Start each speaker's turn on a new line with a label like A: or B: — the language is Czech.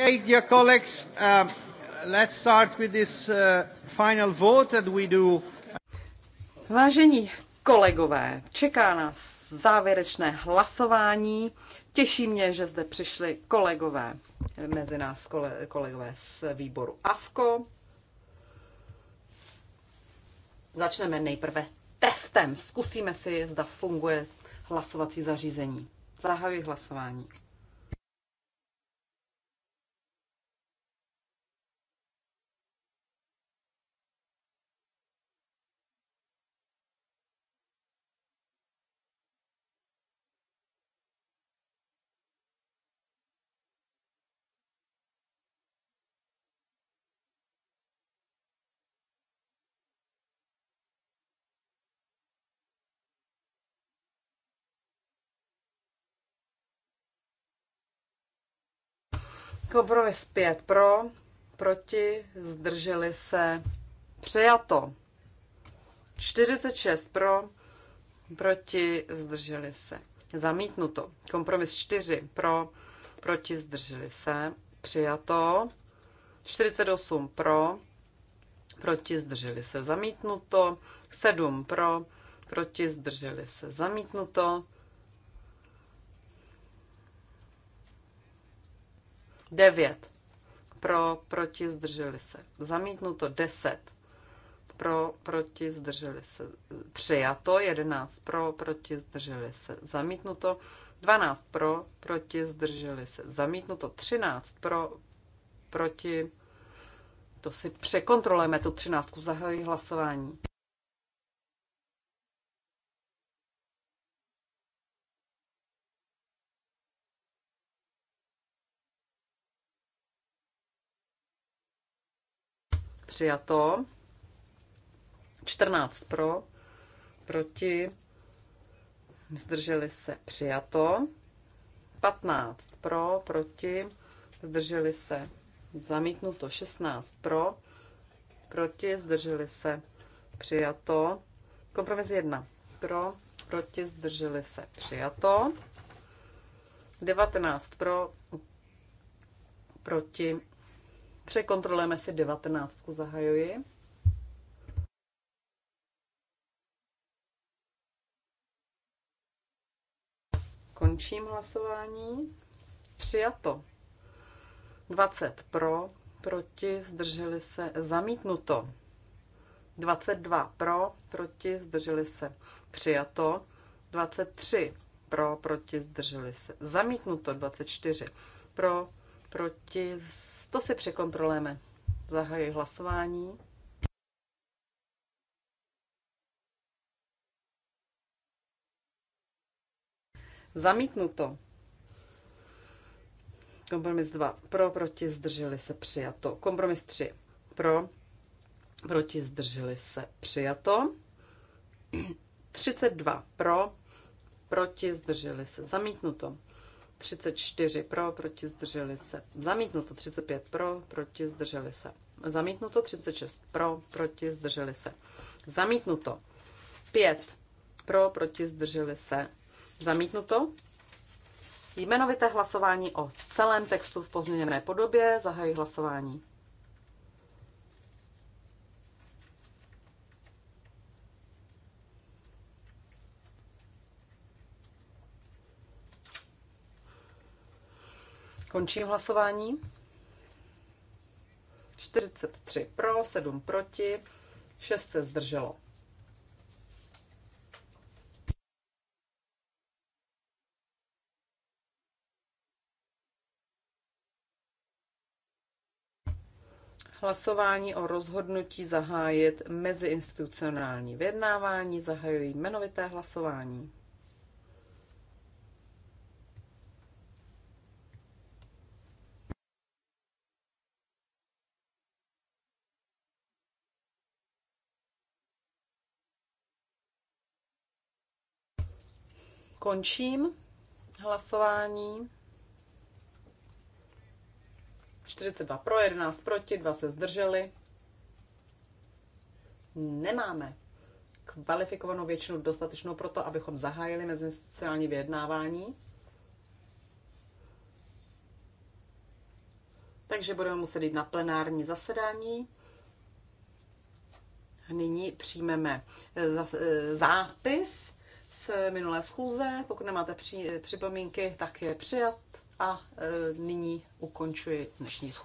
A: Okay, dear colleagues, um, let's start with this uh, final vote that we do. Vážení kolegové, čeká nás závěrečné hlasování. Těší mě, že zde přišli kolegové, eh, mezi nás kole, kolegové z výboru AFKO. Začneme nejprve testem. Zkusíme si, zda funguje hlasovací zařízení. Zahajuji hlasování. Kompromis 5 pro, proti, zdrželi se, přijato. 46 pro, proti, zdrželi se. Zamítnuto. Kompromis 4 pro, proti, zdrželi se. Přijato. 48 pro, proti, zdrželi se. Zamítnuto. 7 pro, proti, zdrželi se. Zamítnuto. 9. Pro, proti, zdrželi se. Zamítnuto 10. Pro, proti, zdrželi se. Přijato 11. Pro, proti, zdrželi se. Zamítnuto 12. Pro, proti, zdrželi se. Zamítnuto 13. Pro, proti, to si překontrolujeme tu třináctku, zahajuji hlasování. Přijato. 14 pro, proti, zdrželi se. Přijato. 15 pro, proti, zdrželi se. Zamítnuto 16 pro, proti, zdrželi se. Přijato. Kompromis 1 pro, proti, zdrželi se. Přijato. 19 pro, proti, Překontrolujeme si 19. zahajuji. Končím hlasování. Přijato. 20 pro, proti, zdrželi se, zamítnuto. 22 pro, proti, zdrželi se, přijato. 23 pro, proti, zdrželi se, zamítnuto. 24 pro, proti, to si překontrolujeme. Zahajuji hlasování. Zamítnuto. Kompromis 2. Pro, proti, zdrželi se, přijato. Kompromis 3. Pro, proti, zdrželi se, přijato. 32. Pro, proti, zdrželi se, zamítnuto. 34 pro, proti zdrželi se. Zamítnuto 35 pro, proti zdrželi se. Zamítnuto 36 pro, proti zdrželi se. Zamítnuto 5 pro, proti zdrželi se. Zamítnuto jmenovité hlasování o celém textu v pozměněné podobě. Zahají hlasování. Končím hlasování. 43 pro, 7 proti, 6 se zdrželo. Hlasování o rozhodnutí zahájit meziinstitucionální vyjednávání zahajují jmenovité hlasování. Končím hlasování. 42 pro, 11 proti, 2 se zdrželi. Nemáme kvalifikovanou většinu dostatečnou pro to, abychom zahájili mezinstitucionální vyjednávání. Takže budeme muset jít na plenární zasedání. Nyní přijmeme e, zápis z minulé schůze. Pokud nemáte při, připomínky, tak je přijat a e, nyní ukončuji dnešní schůzi.